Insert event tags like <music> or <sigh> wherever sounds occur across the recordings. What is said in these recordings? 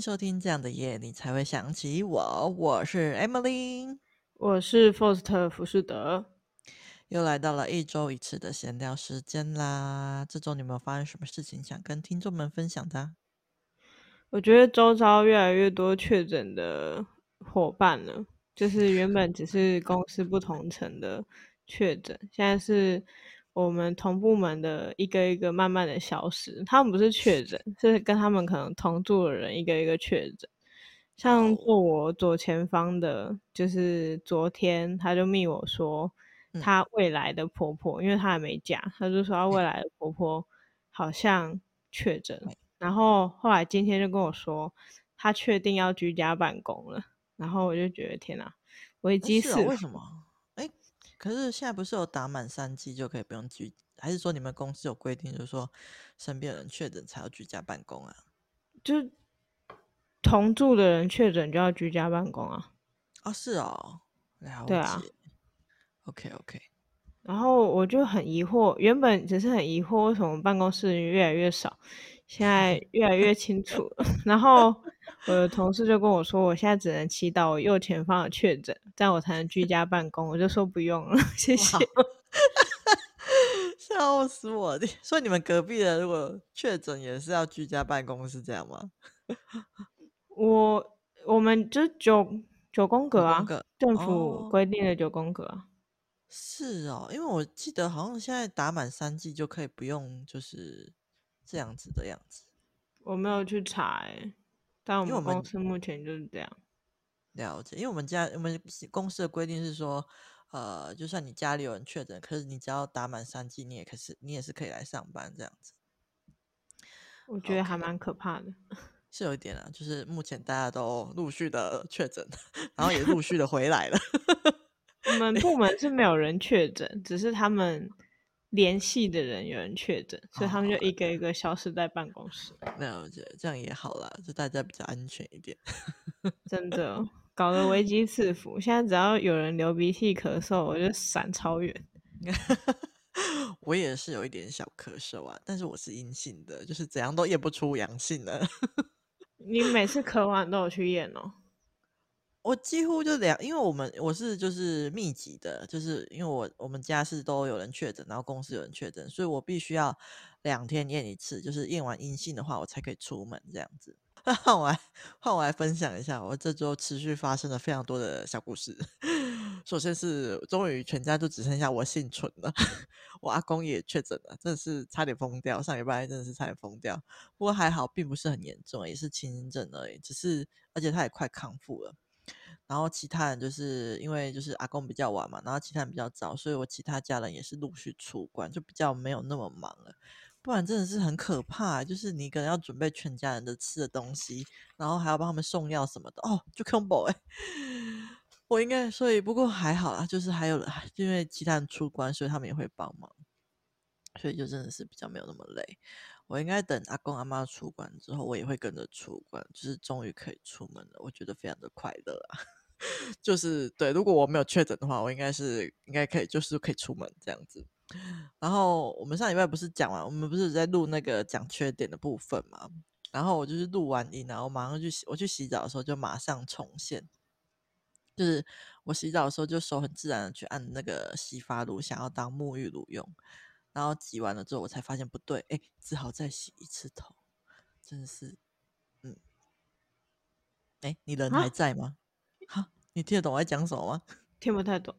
收聽，聽這樣的夜，你才會想起我。我是 Emily，我是 First 福士德，又來到了一周一次的閒聊時間啦。這周你們發生什麼事情想跟聽眾們分享的啊？我覺得周遭越來越多確診的伙伴了，就是原本只是公司不同層的確診，現在是。我們同部門的一個一個慢慢的消失，他們不是確診，是跟他們可能同住的人一個一個確診。像坐我左前方的，就是昨天他就密我說，他未來的婆婆、嗯，因為他還沒嫁，他就說他未來的婆婆好像確診、嗯，然後後來今天就跟我說，他確定要居家辦公了，然後我就覺得天哪、啊，危機四、啊，為什麼？可是現在不是有打滿三劑就可以不用居？還是說你們公司有規定，就是說身邊的人確診才要居家辦公啊？就是同住的人確診就要居家辦公啊？啊、哦，是哦了解，對啊，OK OK。然後我就很疑惑，原本只是很疑惑為什麼辦公室人越來越少，現在越來越清楚。 <laughs> <laughs> 然後。我的同事就跟我說，我現在只能祈禱我右前方有確診，這樣我才能居家辦公。我就說不用了，謝謝，。 <laughs> 笑死我了！你說你們隔壁的如果確診也是要居家辦公，是這樣嗎？我我們就九九宮格啊，格政府規定的九宮格啊、哦哦。是哦，因為我記得好像現在打滿三劑就可以不用，就是這樣子的樣子。我沒有去查誒、欸。但我們公司目前就是這樣，了解。因為我們家我們公司的規定是說，呃，就算你家裡有人確診，可是你只要打滿三劑，你也可是你也是可以來上班這樣子。我覺得還蠻可怕的，okay. 是有一點啊，就是目前大家都陸續的確診，然後也陸續的回來了。 <laughs> <laughs> <laughs> 我們部門是沒有人確診， <laughs> 只是他們。聯繫的人有人確診，所以他們就一個一個消失在辦公室。沒、oh, 有、right. <laughs> 這這樣也好啦，就大家比較安全一點。 <laughs> 真的、哦，搞得危機四伏。現在只要有人流鼻涕、咳嗽，我就閃超遠。 <laughs> 我也是有一點小咳嗽啊，但是我是陰性的，就是怎樣都驗不出陽性的。 <laughs> 你每次咳完都有去驗哦。我幾乎就兩，因為我們我是就是密集的，就是因為我我們家是都有人確診，然後公司有人確診，所以我必須要兩天驗一次，就是驗完陰性的話，我才可以出門這樣子。後我換我來換我來分享一下，我這周持續發生了非常多的小故事。首先是終於全家就只剩下我幸存了，我阿公也確診了，真的是差點瘋掉，上禮拜真的是差點瘋掉，不過還好並不是很嚴重，也是輕症而已，只是而且他也快康復了。然後其他人就是因為就是阿公比較晚嘛，然後其他人比較早，所以我其他家人也是陸續出關，就比較沒有那麼忙了。不然真的是很可怕，就是你可能要準備全家人的吃的東西，然後還要幫他們送藥什麼的。哦，就 combo 哎、欸，我應該所以不過還好啦，就是還有因為其他人出關，所以他們也會幫忙，所以就真的是比較沒有那麼累。我應該等阿公阿媽出關之後，我也會跟着出關，就是終於可以出門了，我覺得非常的快樂啊。 <laughs> 就是對，如果我沒有確診的話，我應該是應該可以，就是可以出門這樣子。然後我們上禮拜不是講完，我們不是在錄那個講缺點的部分嘛？然後我就是錄完音，然後馬上去洗。我去洗澡的時候，就馬上重現。就是我洗澡的時候，就手很自然的去按那個洗髮乳，想要當沐浴乳用。然後擠完了之後，我才發現不對，哎、欸，只好再洗一次頭。真的是，嗯，哎、欸，你人還在嗎？好，你聽得懂我在講什麼嗎？聽不太懂。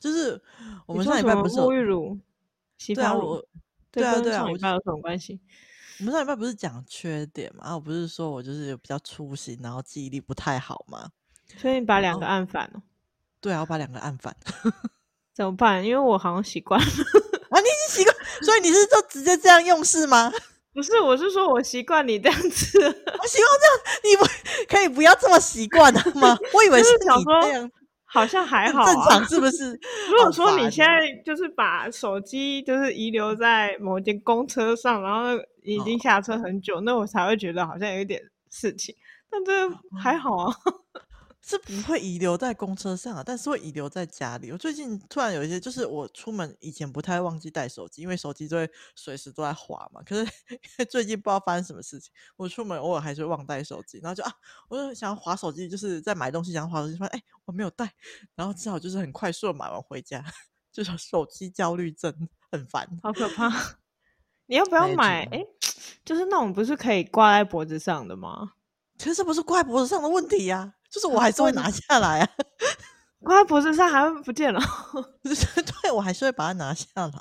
就是我們上禮拜不是沐浴乳、洗髮乳對、啊對，對啊對啊，我、啊、跟他有什麼關係？我們上禮拜不是講缺點嘛？我不是說我就是有比較粗心，然後記憶力不太好嘛？所以你把兩個按反了。對啊，我把兩個按反了，了 <laughs> 怎麼辦？因為我好像習慣了。啊，你已經習慣，所以你是就直接這樣用是嗎？不是，我是說，我習慣你這樣子，我習慣這樣，你不可以不要這麼習慣的嗎？ <laughs> 我以為是、就是、想說，好像還好、啊，正常是不是？如果說你現在就是把手機就是遺留在某間公車上，然後已經下車很久，哦、那我才會覺得好像有一點事情。但這還好啊。哦 <laughs> 是不會遺留在公車上啊，但是會遺留在家裡。我最近突然有一些，就是我出門以前不太忘記帶手機，因為手機就會隨時都在滑嘛。可是因為最近不知道發生什麼事情，我出門偶爾還是會忘帶手機，然後就啊，我就想要滑手機，就是在買東西想要滑手機，發現哎，我沒有帶，然後只好就是很快速的買完回家，就是手機焦慮症很煩，好可怕。你要不要買？哎、欸欸，就是那種不是可以掛在脖子上的嗎？其實不是掛脖子上的問題呀、啊。就是我還是會拿下來啊，是是， <laughs> 掛脖子上還會不見了。 <laughs> <laughs> 對，我還是會把它拿下來。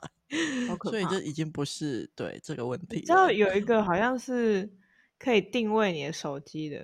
所以就已經不是對這個問題了。你知道有一個好像是可以定位你的手機的，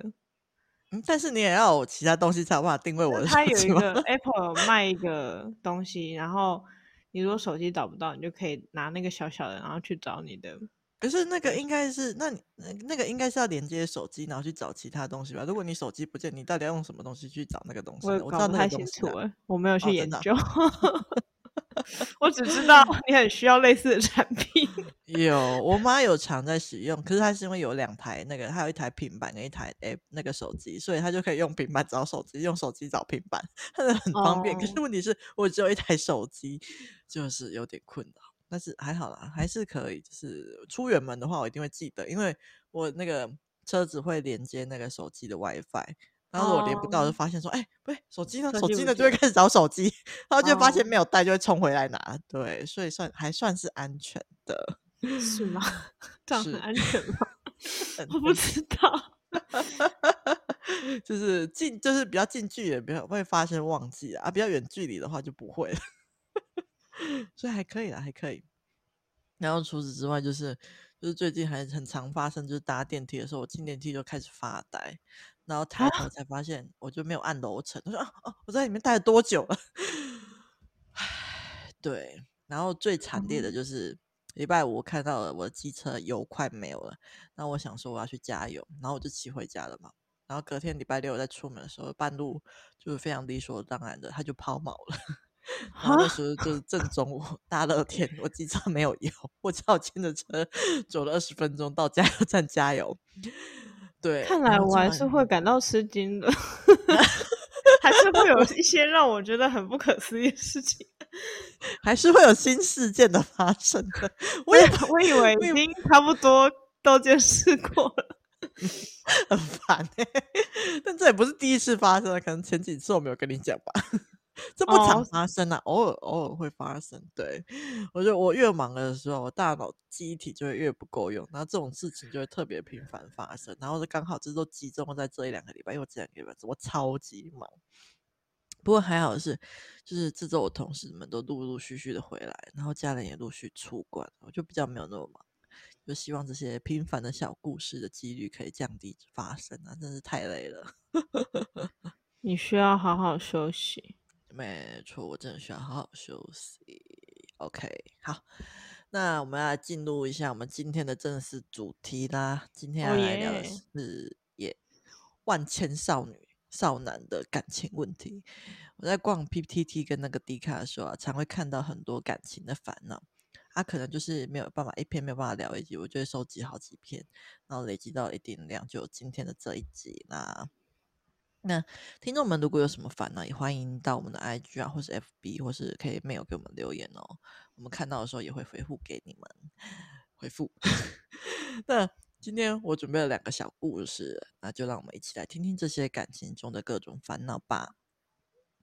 嗯，但是你也要有其他東西才有辦法定位我的手。手機。它有一個 Apple 賣一個東西， <laughs> 然後你如果手機找不到，你就可以拿那個小小的，然後去找你的。可是那個應該是，那你那那個應該是要連接手機，然後去找其他東西吧。如果你手機不見，你到底要用什麼東西去找那個東西？我搞不清楚、啊，我沒有去研究，哦啊、 <laughs> 我只知道你很需要類似的產品。 <laughs> 有，我媽有常在使用，可是她是因為有兩台那個，她有一台平板跟一台誒、欸、那個手機，所以她就可以用平板找手機，用手機找平板，她就很方便。Oh. 可是問題是我只有一台手機，就是有點困難。但是還好啦，還是可以。就是出遠門的話，我一定會記得，因為我那個車子會連接那個手機的 WiFi，然後我連不到，就發現說，哎、oh. 欸，不對，手機呢？手機呢？就會開始找手機， <laughs> 然後就發現沒有帶，就會衝回來拿。Oh. 對，所以算還算是安全的。是嗎？這樣很安全嗎？我不知道。 <laughs> 就是近，就是比較近距離，不會發生忘記啊；比較遠距離的話，就不會了。所以還可以啊，還可以。然後除此之外，就是就是最近還很常發生，就是搭電梯的時候，我進電梯就開始發呆，然後抬頭才發現我就沒有按樓層。他說、啊啊：“我在裡面待了多久了？”唉，對。然後最慘烈的就是禮拜五我看到了我的機車油快沒有了，然後我想說我要去加油，然後我就騎回家了嘛。然後隔天禮拜六我在出門的時候，半路就是非常理所當然的，他就拋錨了。那時候就是正中午，大熱天，我機車沒有油，我只好牽着車走了二十分鐘到加油站加油。對，看來我還是會感到吃驚的， <laughs> <laughs> <laughs> 還是會有一些讓我覺得很不可思議的事情， <laughs> 還是會有新事件的發生的。我以 <laughs> 我以為已經差不多都見識過了， <laughs> 很煩、欸，但這也不是第一次發生了，可能前幾次我沒有跟你講吧。這不常發生啊，oh. 偶爾偶爾會發生。對，我覺得我越忙的時候，我大腦機體就會越不夠用，然後這種事情就會特別頻繁發生。然後剛好這都集中在這一兩個禮拜，因為我兩個 g i 我超級忙。不過還好是，就是這周我同事們都陸陸續續的回來，然後家人也陸續出關，我就比較沒有那麼忙。就希望這些平凡的小故事的幾率可以降低發生啊，真是太累了。 <laughs> 你需要好好休息。沒錯，我真的需要好好休息。OK，好，那我們要來進入一下我們今天的正式主題啦。今天要來聊的是也、oh yeah. yeah, 萬千少女、少男的感情問題。我在逛 PTT 跟那個 D 卡的時候，啊，常會看到很多感情的煩惱。他、啊、可能就是沒有辦法一篇沒有辦法聊一集，我就會收集好幾篇，然後累積到一定量，就有今天的這一集啦。那聽眾們如果有什麼煩惱，也歡迎到我們的 IG 啊，或是 FB，或是可以 mail 給我們留言哦。我們看到的時候也會回復給你們。回復。 <laughs> 那今天我準備了兩個小故事，那就讓我們一起來聽聽這些感情中的各種煩惱吧。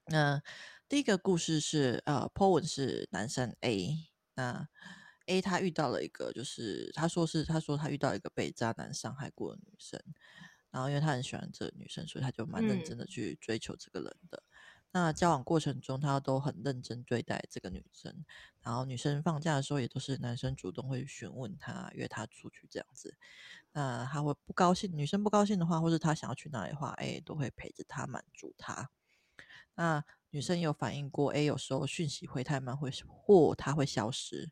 那第一個故事是，呃，po 文是男生 A，那 A 他遇到了一個，就是他說是他說他遇到一個被渣男傷害過的女生。然後，因為他很喜歡這個女生，所以他就蠻認真的去追求這個人的。嗯。那交往過程中，他都很認真對待這個女生。然後女生放假的時候，也都是男生主動會詢問她，約她出去這樣子。那他會不高興，女生不高興的話，或者他想要去哪裡的話，A 都會陪着他，滿足他。那女生也有反應過，A 有時候訊息會太慢，會或他會消失。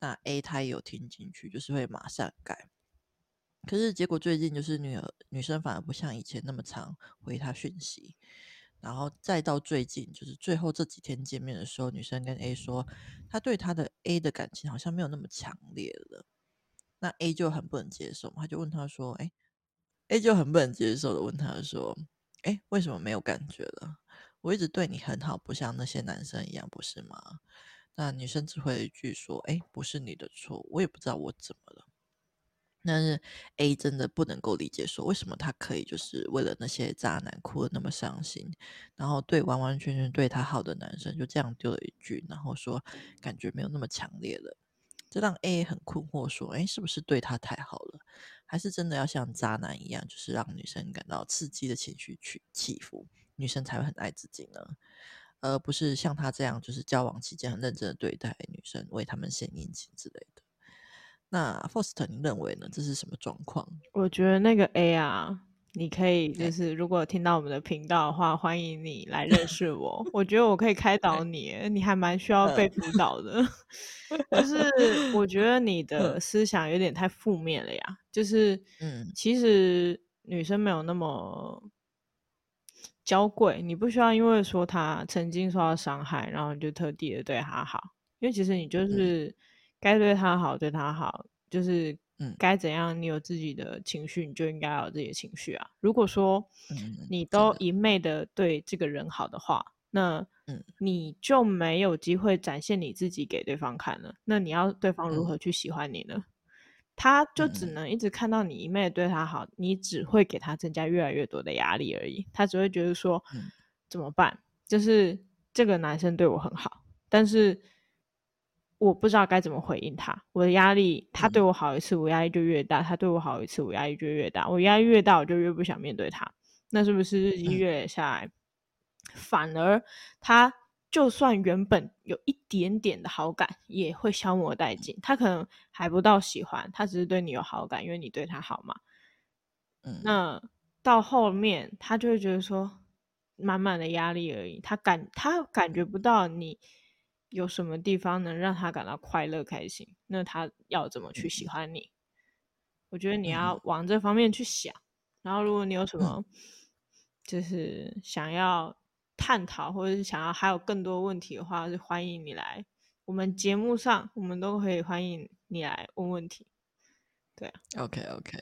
那 A 他也有聽進去，就是會馬上改。可是結果最近就是女兒女生反而不像以前那麼常回他訊息，然後再到最近就是最後這幾天見面的時候，女生跟 A 說，她對他的 A 的感情好像沒有那麼強烈了。那 A 就很不能接受嘛，他就問他說：“哎，A 就很不能接受的問他說：哎，為什麼沒有感覺了？我一直對你很好，不像那些男生一樣，不是嗎？那女生只回一句說：哎，不是你的錯，我也不知道我怎麼了。”但是 A 真的不能夠理解，說為什麼他可以就是為了那些渣男哭得那麼傷心，然後對完完全全對他好的男生就這樣丟了一句，然後說感覺沒有那麼強烈了，這讓 A 很困惑說，說哎是不是對他太好了，還是真的要像渣男一樣，就是讓女生感到刺激的情緒去起伏，女生才會很愛自己呢，而、呃、不是像他這樣，就是交往期間很認真的對待女生，為他們獻殷勤之類的。那 Foster 你認為呢？這是什麼狀況？我覺得那個 A 啊，你可以就是，如果聽到我們的頻道的話、欸，歡迎你來認識我。 <laughs> 我覺得我可以開導你、欸，你還蠻需要被輔導的。呵呵 <laughs> 就是我覺得你的思想有點太負面了呀。嗯、就是嗯，其實女生沒有那麼嬌貴，你不需要因為說她曾經受到傷害，然後你就特地的對她好，因為其實你就是。嗯該對他好，對他好，就是，該怎樣？你有自己的情緒，嗯、你就應該有自己的情緒啊。如果說、嗯，你都一昧的對這個人好的話，嗯、的那，你就沒有機會展現你自己給對方看了。那你要對方如何去喜歡你呢？嗯、他就只能一直看到你一昧對他好，你只會給他增加越來越多的壓力而已。他只會覺得說，嗯、怎麼辦？就是這個男生對我很好，但是。我不知道該怎麼回應他，我的壓力、嗯，他對我好一次，我壓力就越大；他對我好一次，我壓力就越大。我壓力越大，我就越不想面對他。那是不是日積月累下來，嗯、反而他就算原本有一點點的好感，也會消磨殆盡、嗯？他可能還不到喜歡，他只是對你有好感，因為你對他好嘛。嗯，那到後面他就會覺得說，滿滿的壓力而已。他感他感覺不到你。有什麼地方能讓他感到快樂、開心？那他要怎麼去喜歡你？嗯、我覺得你要往這方面去想。嗯、然後，如果你有什麼就是想要探討，或者是想要還有更多問題的話，就歡迎你來我們節目上，我們都可以歡迎你來問問題。對啊，OK OK，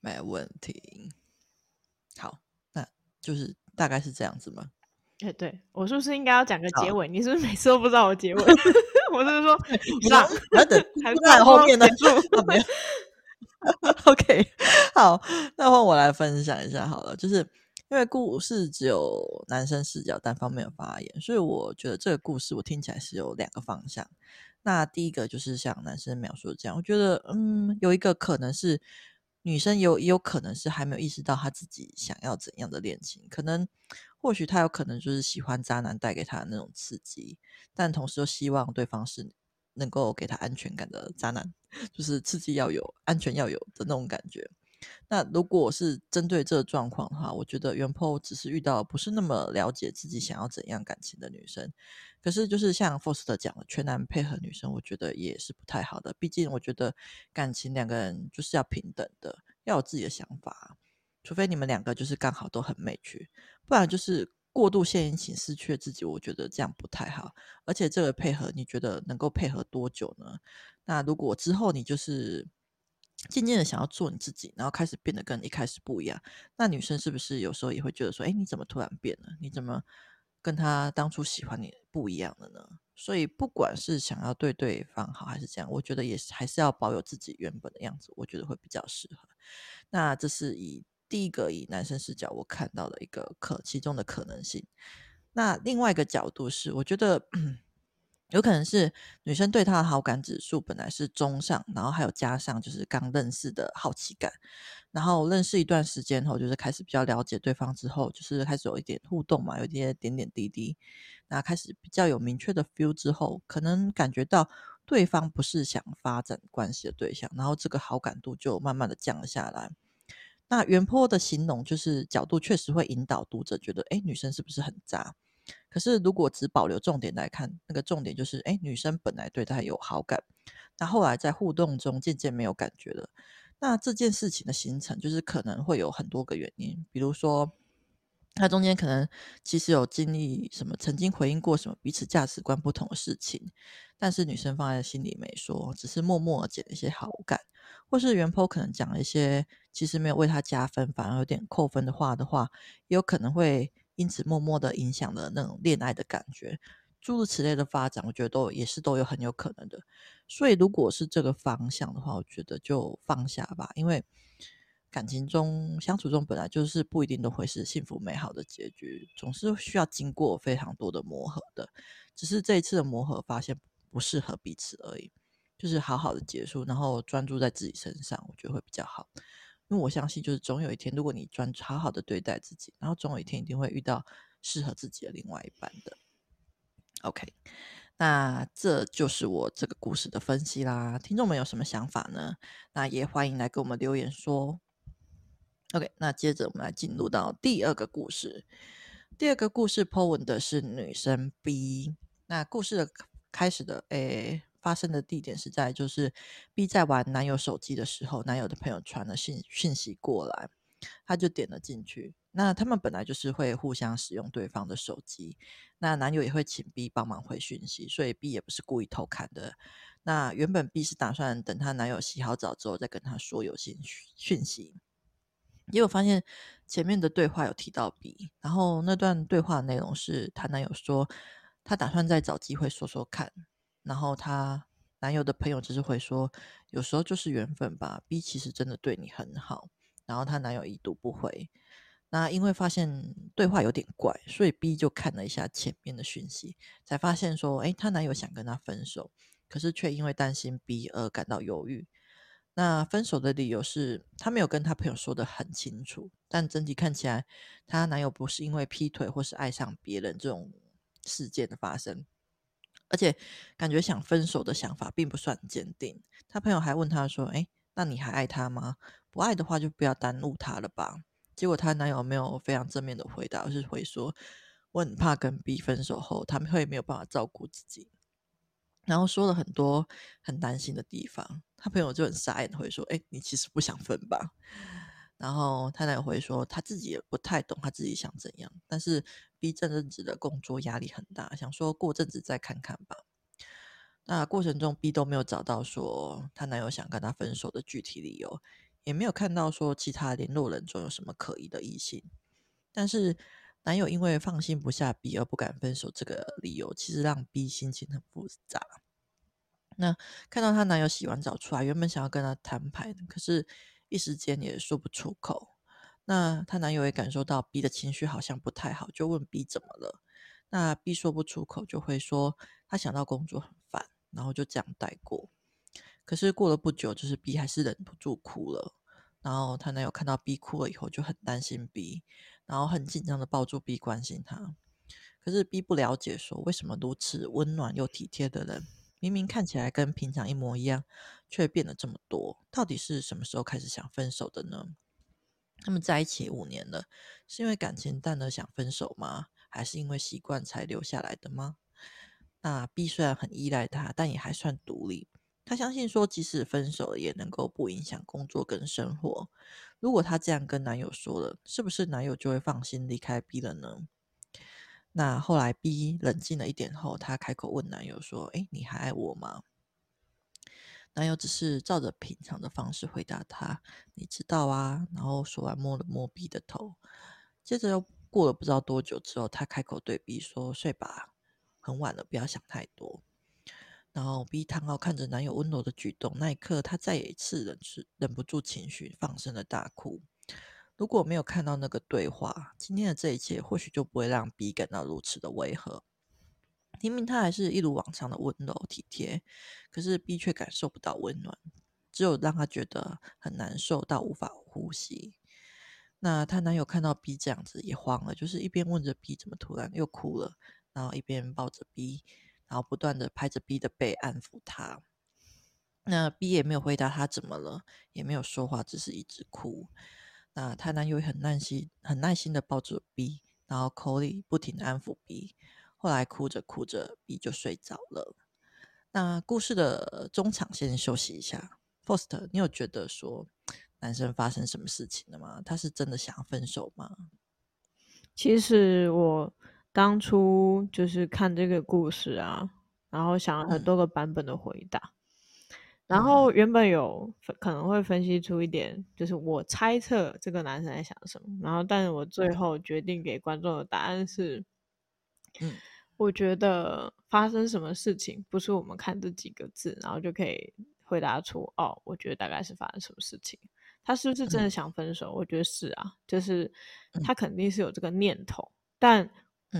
沒問題。好，那就是大概是這樣子嗎？欸、對，我是不是應該要講個結尾？你是不是每次都不知道我結尾？ <laughs> <laughs> 我就是說， <laughs> 以上，你 <laughs> 要但等，還是在後面得 OK，好，那換我來分享一下好了。就是因為故事只有男生視角單方面有發言，所以我覺得這個故事我聽起來是有兩個方向。那第一個就是像男生描述的這樣，我覺得，嗯，有一個可能是女生有也有可能是還沒有意識到她自己想要怎樣的戀情，可能。或許他有可能就是喜歡渣男帶給他那種刺激，但同時又希望對方是能夠給他安全感的渣男，就是刺激要有，安全要有的那種感覺。那如果是針對這個狀況的話，我覺得原 p 只是遇到不是那麼了解自己想要怎樣感情的女生。可是就是像 f o s t e 的講，全男配合女生，我覺得也是不太好的。畢竟我覺得感情兩個人就是要平等的，要有自己的想法。除非你們兩個就是剛好都很美趣，不然就是過度獻殷勤，失去自己，我覺得這樣不太好。而且這個配合，你覺得能夠配合多久呢？那如果之後你就是漸漸的想要做你自己，然後開始變得跟一開始不一樣，那女生是不是有時候也會覺得說：“哎，你怎麼突然變了？你怎麼跟她當初喜歡你不一樣了呢？”所以不管是想要對對方好還是這樣，我覺得也是還是要保有自己原本的樣子，我覺得會比較適合。那這是以。第一個以男生視角我看到的一個可其中的可能性。那另外一個角度是，我覺得有可能是女生對他的好感指數本來是中上，然後還有加上就是剛認識的好奇感，然後認識一段時間後，就是開始比較了解對方之後，就是開始有一點互動嘛，有一些點，點點滴滴，那開始比較有明確的 feel 之後，可能感覺到對方不是想發展關係的對象，然後這個好感度就慢慢的降了下來。那原 PO 的形容就是角度，確實會引導讀者覺得，哎，女生是不是很渣？可是如果只保留重點來看，那個重點就是，哎，女生本來對他有好感，那後來在互動中漸漸沒有感覺了。那這件事情的形成，就是可能會有很多個原因，比如說，他中間可能其實有經歷什麼，曾經回應過什麼彼此價值觀不同的事情，但是女生放在心裡沒說，只是默默減了一些好感，或是原 PO 可能講一些。其實沒有為他加分，反而有點扣分的話的話，也有可能會因此默默的影響了那種戀愛的感覺，諸如此類的發展，我覺得都也是都有很有可能的。所以如果是這個方向的話，我覺得就放下吧，因為感情中相處中本來就是不一定都會是幸福美好的結局，總是需要經過非常多的磨合的。只是這一次的磨合發現不適合彼此而已，就是好好的結束，然後專注在自己身上，我覺得會比較好。因為我相信，就是總有一天，如果你專好好的對待自己，然後總有一天一定會遇到適合自己的另外一半的。OK，那這就是我這個故事的分析啦。聽眾們有什麼想法呢？那也歡迎來給我們留言說。OK，那接着我們來進入到第二個故事。第二個故事 PO 文的是女生 B。那故事的開始的、A，哎。發生的地點是在，就是 B 在玩男友手機的時候，男友的朋友傳了訊訊息過來，他就點了進去。那他們本來就是會互相使用對方的手機，那男友也會請 B 幫忙回訊息，所以 B 也不是故意偷看的。那原本 B 是打算等她男友洗好澡之後再跟他說有些訊息，因為我發現前面的對話有提到 B，然後那段對話內容是她男友說他打算再找機會說說看。然後她男友的朋友只是會說，有時候就是緣分吧。B 其實真的對你很好，然後她男友已讀不回，那因為發現對話有點怪，所以 B 就看了一下前面的訊息，才發現說，哎，她男友想跟她分手，可是卻因為擔心 B 而感到猶豫。那分手的理由是他沒有跟他朋友說得很清楚，但整體看起來，她男友不是因為劈腿或是愛上別人這種事件的發生。而且，感覺想分手的想法並不算堅定。他朋友還問他說：“哎，那你還愛他嗎？不愛的話，就不要耽誤他了吧？”結果她男友沒有非常正面的回答，而、就是回說：“我很怕跟 B 分手後，他們會沒有辦法照顧自己。”然後說了很多很擔心的地方。他朋友就很傻眼，回說：“哎，你其實不想分吧？”然後他男友回說：“他自己也不太懂他自己想怎樣，但是……” B 這陣子的工作壓力很大，想說過陣子再看看吧。那過程中，B 都沒有找到說她男友想跟她分手的具體理由，也沒有看到說其他聯絡人中有什麼可疑的異性。但是，男友因為放心不下 B 而不敢分手，這個理由其實讓 B 心情很複雜。那看到她男友洗完澡出來，原本想要跟他攤牌，可是，一時間也說不出口。那她男友也感受到 B 的情緒好像不太好，就問 B 怎麼了。那 B 說不出口，就會說他想到工作很煩，然後就這樣帶過。可是過了不久，就是 B 還是忍不住哭了。然後她男友看到 B 哭了以後就很擔心 B，然後很緊張的抱住 B 關心他。可是 B 不了解，說為什麼如此溫暖又體貼的人，明明看起來跟平常一模一樣，卻變了這麼多？到底是什麼時候開始想分手的呢？他們在一起五年了，是因為感情淡了想分手嗎？還是因為習慣才留下來的嗎？那 B 雖然很依賴他，但也還算獨立。他相信說，即使分手了也能夠不影響工作跟生活。如果他這樣跟男友說了，是不是男友就會放心離開 B 了呢？那後來 B 冷靜了一點後，他開口問男友說：“哎、欸，你還愛我嗎？”男友只是照着平常的方式回答他，你知道啊。然後說完摸了摸 B 的頭，接着又過了不知道多久之後，他開口對 B 說：“睡吧，很晚了，不要想太多。”然後 B 躺好，看着男友溫柔的舉動，那一刻他再也一次忍忍不住情緒放聲的大哭。如果沒有看到那個對話，今天的這一切或許就不會讓 B 感到如此的違和。明明他還是一如往常的溫柔體貼，可是 B 卻感受不到溫暖，只有讓他覺得很難受到無法呼吸。那她男友看到 B 這樣子也慌了，就是一邊問着 B 怎麼突然又哭了，然後一邊抱着 B，然後不斷地拍着 B 的背安撫他。那 B 也沒有回答他怎麼了，也沒有說話，只是一直哭。那她男友很耐心，很耐心地抱着 B，然後口裡不停地安撫 B。後來哭着哭着比就睡着了。那故事的中場先休息一下。Foster，你有覺得說男生發生什麼事情了嗎？他是真的想分手嗎？其實我當初就是看這個故事啊，然後想了很多個版本的回答。嗯、然後原本有可能會分析出一點，就是我猜測這個男生在想什麼。然後，但是我最後決定給觀眾的答案是，嗯。我覺得發生什麼事情不是我們看這幾個字，然後就可以回答出哦，我覺得大概是發生什麼事情。他是不是真的想分手？嗯、我覺得是啊，就是他肯定是有這個念頭、嗯，但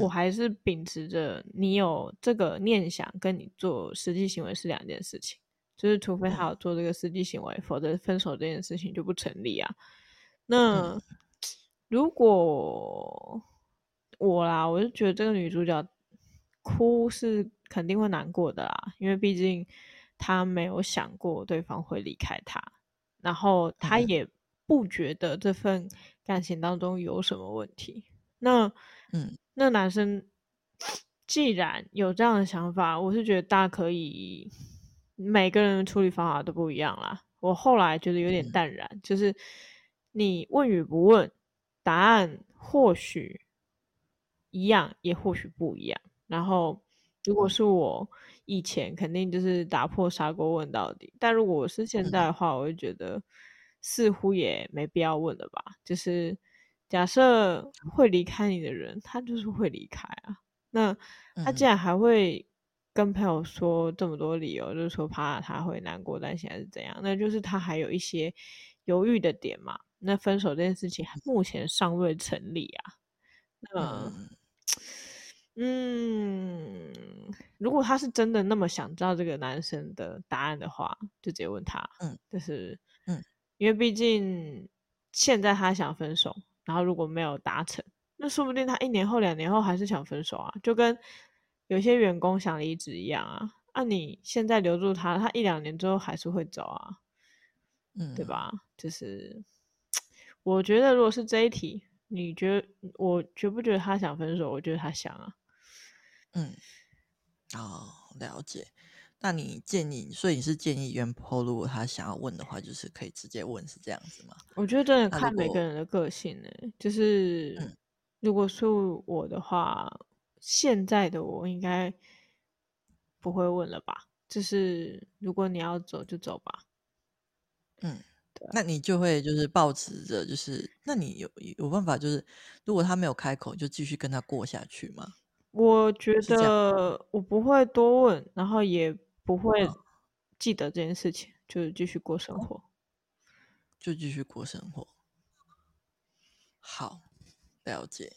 我還是秉持着你有這個念想跟你做實際行為是兩件事情，就是除非他有做這個實際行為，嗯、否則分手這件事情就不成立啊。那如果我啦，我就覺得這個女主角。哭是肯定會難過的啦，因為畢竟他沒有想過對方會離開他，然後他也不覺得這份感情當中有什麼問題。那，嗯，那男生既然有這樣的想法，我是覺得大可以，每個人處理方法都不一樣啦。我後來覺得有點淡然，就是你問與不問，答案或許一樣，也或許不一樣。然後，如果是我、嗯、以前，肯定就是打破砂鍋問到底。但如果我是現在的話，我就覺得似乎也沒必要問了吧。就是假設會離開你的人，他就是會離開啊。那他竟然還會跟朋友說這麼多理由，就是說怕他會難過，但現在是怎樣？那就是他還有一些猶豫的點嘛。那分手這件事情目前尚未成立啊。那，嗯嗯，如果他是真的那麼想知道這個男生的答案的話，就直接問他。嗯，就是嗯，因為畢竟現在他想分手，然後如果沒有達成，那說不定他一年後、兩年後還是想分手啊，就跟有些員工想離職一樣啊。啊，你現在留住他，他一兩年之後還是會走啊，嗯，對吧？就是我覺得，如果是這一題，你覺得我覺不覺得他想分手？我覺得他想啊。嗯，哦，了解。那你建議，所以你是建議原 po 如果他想要問的話，就是可以直接問，是這樣子嗎？我覺得真的看每個人的個性呢、欸。就是、嗯，如果是我的話，現在的我應該不會問了吧？就是如果你要走就走吧。嗯，對。那你就會就是抱持著，就是那你有有辦法，就是如果他沒有開口，就繼續跟他過下去嗎？我覺得我不會多問、就是，然後也不會記得這件事情、哦，就繼續過生活，就繼續過生活。好，了解。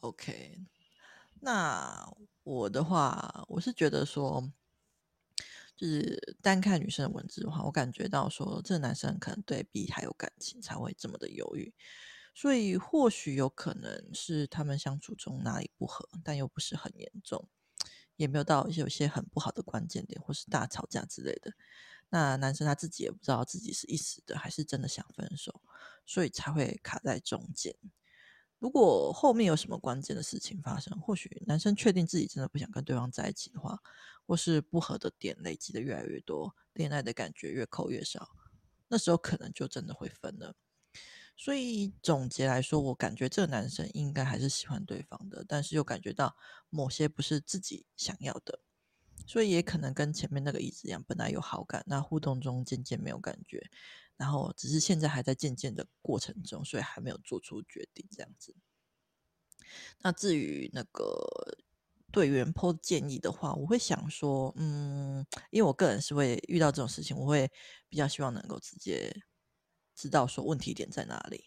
OK，那我的話，我是覺得說，就是單看女生的文字的話，我感覺到說，這男生可能對 B 還有感情，才會這麼的猶豫。所以或許有可能是他們相處中哪裡不合，但又不是很嚴重，也沒有到一些有些很不好的關鍵點，或是大吵架之類的。那男生他自己也不知道自己是一時的，還是真的想分手，所以才會卡在中間。如果後面有什麼關鍵的事情發生，或許男生確定自己真的不想跟對方在一起的話，或是不合的點累積的越來越多，戀愛的感覺越扣越少，那時候可能就真的會分了。所以總結來說，我感覺這個男生應該還是喜歡對方的，但是又感覺到某些不是自己想要的，所以也可能跟前面那個例子一樣，本來有好感，那互動中漸漸沒有感覺，然後只是現在還在漸漸的過程中，所以還沒有做出決定這樣子。那至於那個對原 po 建議的話，我會想說，嗯，因為我個人是會遇到這種事情，我會比較希望能夠直接。知道說問題點在哪裡，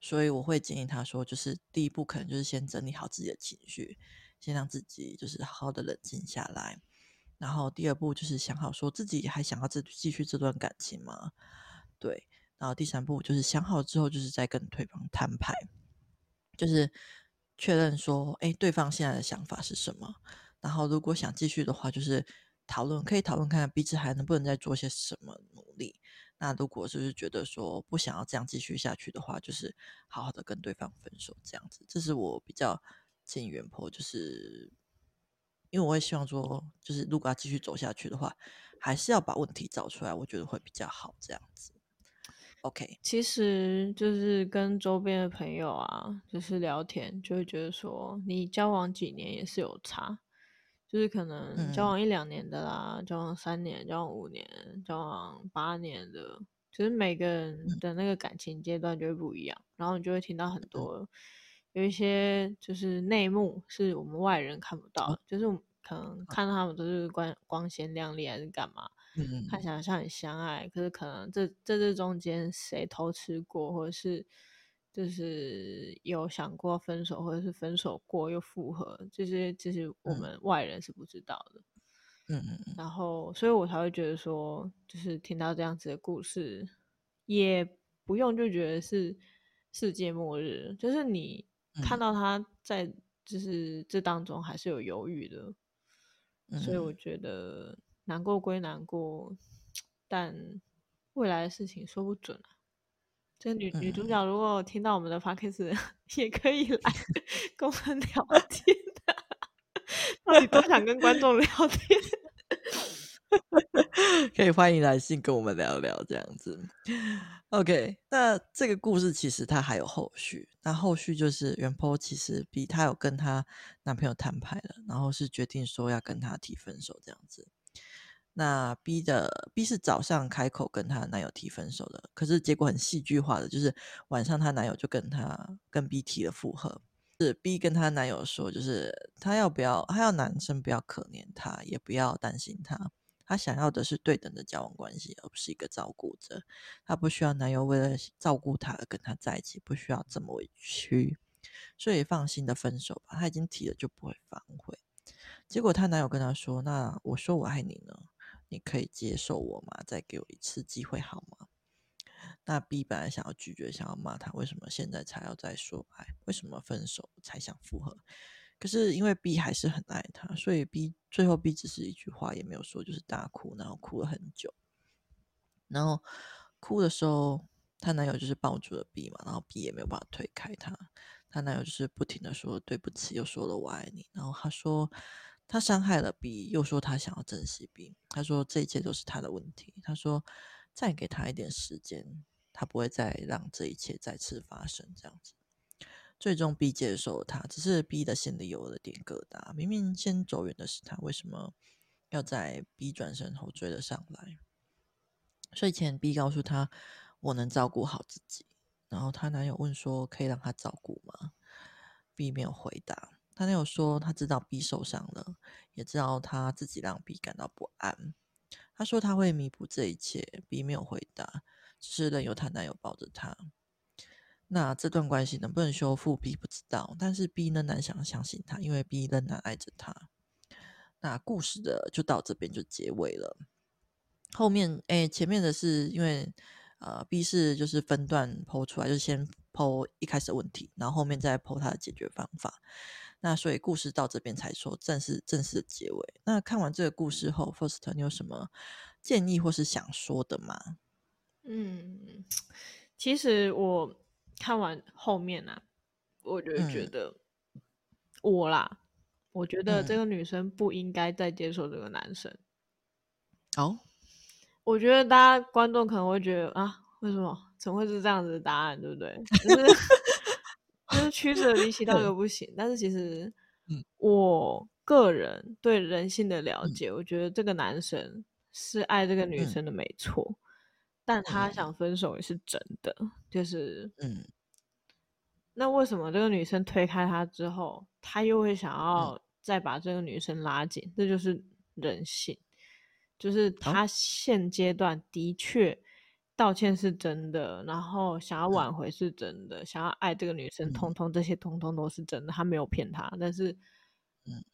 所以我會建議他說，就是第一步可能就是先整理好自己的情緒，先讓自己就是好好的冷靜下來，然後第二步就是想好說自己還想要繼續這段感情嗎？對，然後第三步就是想好之後，就是再跟對方攤牌，就是確認說，誒，對方現在的想法是什麼？然後如果想繼續的話，就是討論，可以討論看看彼此還能不能再做些什麼努力。那如果就是，是覺得說不想要這樣繼續下去的話，就是好好的跟對方分手這樣子，這是我比較建議原 PO，就是因為我也希望說，就是如果要繼續走下去的話，還是要把問題找出來，我覺得會比較好這樣子。OK，其實就是跟周邊的朋友啊，就是聊天就會覺得說，你交往幾年也是有差。就是可能交往一兩年的啦，交往、嗯、三年、交往五年、交往八年的，就是每個人的那個感情階段就會不一樣。然後你就會聽到很多、嗯，有一些就是內幕是我們外人看不到，啊，就是可能看到他們都是光光鮮亮麗還是幹嘛。嗯嗯，看起來像很相愛，可是可能這這這中間誰偷吃過或者是。就是有想過分手，或者是分手過又復合，這些其實我們外人是不知道的，嗯嗯。然後，所以我才會覺得說，就是聽到這樣子的故事，也不用就覺得是世界末日，就是你看到他在，就是這當中還是有猶豫的，所以我覺得難過歸難過，但未來的事情說不準。這女女主角如果聽到我們的 p o d s 也可以來跟我們聊天的。到底多想跟觀眾聊天？ <laughs> <laughs> 可以歡迎來信跟我們聊聊這樣子。OK，那這個故事其實它還有後續，那後續就是元坡其實比他有跟他男朋友攤牌了，然後是決定說要跟他提分手這樣子。那 B 的 B 是早上開口跟她男友提分手的，可是結果很戲劇化的，就是晚上她男友就跟她跟 B 提了復合。是 B 跟她男友說，就是她要不要，她要男生不要可憐她，也不要擔心她，她想要的是對等的交往關係，而不是一個照顧者。她不需要男友為了照顧她而跟她在一起，不需要這麼委屈，所以放心的分手吧，她已經提了就不會反悔。結果她男友跟她說：“那我說我愛你呢？”你可以接受我嗎？再給我一次機會好嗎？那 B 本來想要拒絕，想要罵他，為什麼現在才要再說愛？為什麼分手才想復合？可是因為 B 還是很愛他，所以 B 最後 B 只是一句話也沒有說，就是大哭，然後哭了很久。然後哭的時候，她男友就是抱住了 B 嘛，然後 B 也沒有辦法推開她。她男友就是不停地說對不起，又說了我愛你，然後她說，他傷害了 B，又說他想要珍惜 B。他說這一切都是他的問題。他說再給他一點時間，他不會再讓這一切再次發生。這樣子，最終 B 接受了他，只是 B 的心裡有了點疙瘩。明明先走遠的是他，為什麼要在 B 轉身後追了上來？睡前 B 告訴他：“我能照顧好自己。”然後他男友問說：“可以讓他照顧嗎？”B 沒有回答。他男友說他知道 B 受傷了，也知道他自己讓 B 感到不安。他說他會彌補這一切。B 沒有回答，只是任由他男友抱着他。那這段關係能不能修復？B 不知道，但是 B 仍然想相信他，因為 B 仍然愛着他。那故事的就到這邊就結尾了。後面哎，前面的是因為呃，B 是就是分段剖出來，就是先剖一開始的問題，然後後面再剖他的解決方法。那所以故事到這邊才說正式正式的結尾。那看完這個故事後、mm-hmm.，First，你有什麼建議或是想說的嗎？嗯，其實我看完後面呢、啊，我就覺得、嗯、我啦，我覺得這個女生不應該再接受這個男生。哦、嗯，oh? 我覺得大家觀眾可能會覺得啊，為什麼怎麼會是這樣子的答案，對不對？ <laughs> <laughs> 就是曲折離奇到又不行、嗯，但是其實，我個人對人性的了解、嗯，我覺得這個男生是愛這個女生的沒，沒、嗯、錯，但他想分手也是真的、嗯，就是，嗯，那為什麼這個女生推開他之後，他又會想要再把這個女生拉緊、嗯？這就是人性，就是他現階段的確、哦。的確道歉是真的，然後想要挽回是真的、嗯，想要愛這個女生，通通這些通通都是真的。他沒有騙她，但是，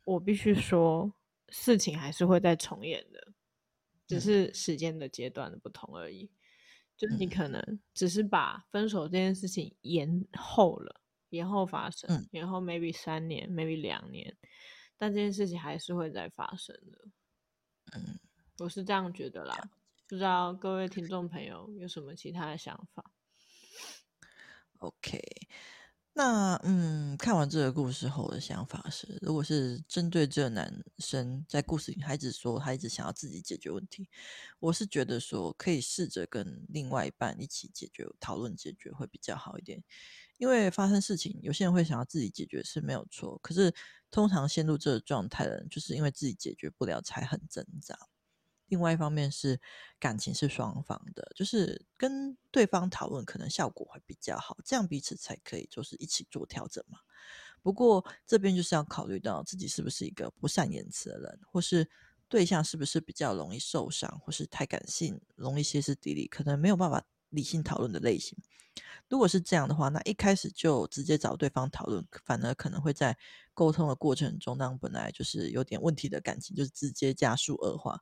我必須說，事情還是會再重演的，只是時間的階段的不同而已。就是你可能只是把分手這件事情延後了，延後發生，延後 maybe 三年，maybe 兩年，但這件事情還是會再發生的。嗯，我是這樣覺得啦。不知道各位聽眾朋友有什麼其他的想法？OK，那嗯，看完這個故事後的想法是，如果是針對這個男生，在故事裡，他一直說他一直想要自己解決問題，我是覺得說可以試着跟另外一半一起解決，討論解決會比較好一點。因為發生事情，有些人會想要自己解決是沒有錯，可是通常陷入這個狀態的人，就是因為自己解決不了才很掙扎。另外一方面是感情是雙方的，就是跟對方討論可能效果會比較好，這樣彼此才可以就是一起做調整嘛。不過這邊就是要考慮到自己是不是一個不善言辭的人，或是對象是不是比較容易受傷，或是太感性，容易歇斯底里，可能沒有辦法理性討論的類型。如果是這樣的話，那一開始就直接找對方討論，反而可能會在溝通的過程中，讓本來就是有點問題的感情，就是直接加速惡化。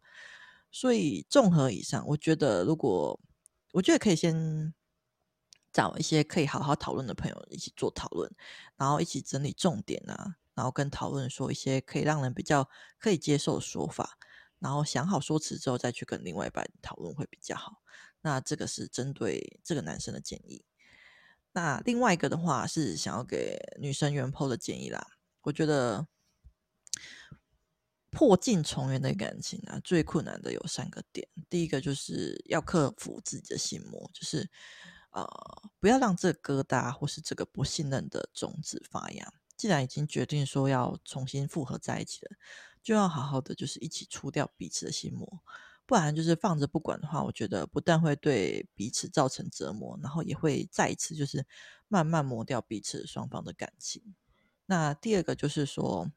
所以，綜合以上，我覺得如果我覺得可以先找一些可以好好討論的朋友一起做討論，然後一起整理重點啊，然後跟討論說一些可以讓人比較可以接受的說法，然後想好說辭之後再去跟另外一半討論會比較好。那這個是針對這個男生的建議。那另外一個的話是想要給女生原 p 的建議啦，我覺得。破鏡重圓的感情啊，最困難的有三個點。第一個就是要克服自己的心魔，就是呃，不要讓這個疙瘩或是這個不信任的種子發芽。既然已經決定說要重新復合在一起了，就要好好的就是一起除掉彼此的心魔。不然就是放着不管的話，我覺得不但會對彼此造成折磨，然後也會再一次就是慢慢磨掉彼此雙方的感情。那第二個就是說，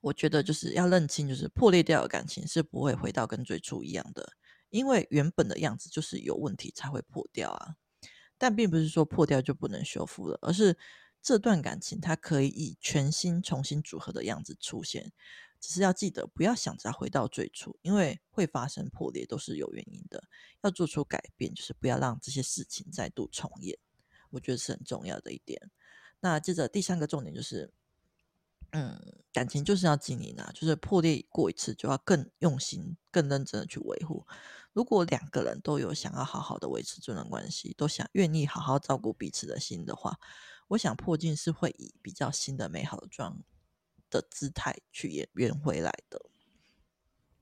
我覺得就是要認清，就是破裂掉的感情是不會回到跟最初一樣的，因為原本的樣子就是有問題才會破掉啊。但並不是說破掉就不能修復了，而是這段感情它可以以全新、重新組合的樣子出現。只是要記得不要想着回到最初，因為會發生破裂都是有原因的。要做出改變，就是不要讓這些事情再度重演。我覺得是很重要的一點。那接着第三個重點就是。嗯，感情就是要經營啊，就是破裂過一次，就要更用心、更認真的去維護。如果兩個人都有想要好好的維持這段關係，都想願意好好照顧彼此的心的話，我想破鏡是會以比較新的美好的狀的姿態去圓圓回來的。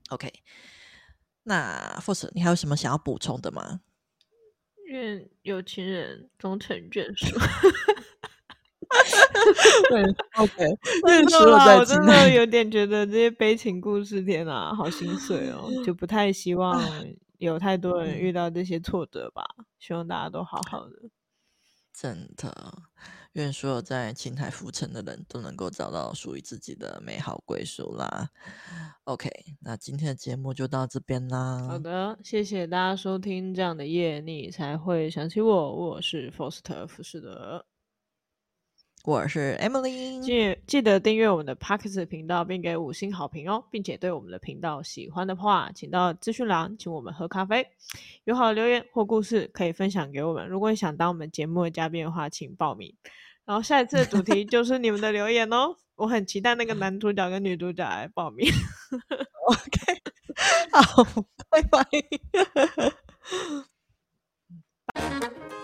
OK，那 Fors，你還有什麼想要補充的嗎？願有情人終成眷屬。 <laughs> 哈，對，OK。真的，我真的有點覺得這些悲情故事，天啊，好心碎哦， <laughs> 就不太希望有太多人遇到這些挫折吧。 <laughs> 希望大家都好好的。真的，願所有在情海浮沉的人都能夠找到屬於自己的美好歸宿啦。OK，那今天的節目就到這邊啦。好的，謝謝大家收聽。這樣的夜，你才會想起我。我是 Foster 福士德。我是 Emily，記記得訂閱我們的 Podcast 頻道，並給五星好評哦，並且對我們的頻道喜歡的話，請到資訊欄請我們喝咖啡，有好的留言或故事可以分享給我們。如果你想當我們節目的嘉賓的話，請報名。然後下一次的主題就是你們的留言哦， <laughs> 我很期待那個男主角跟女主角來報名。 <laughs> OK，好，拜拜。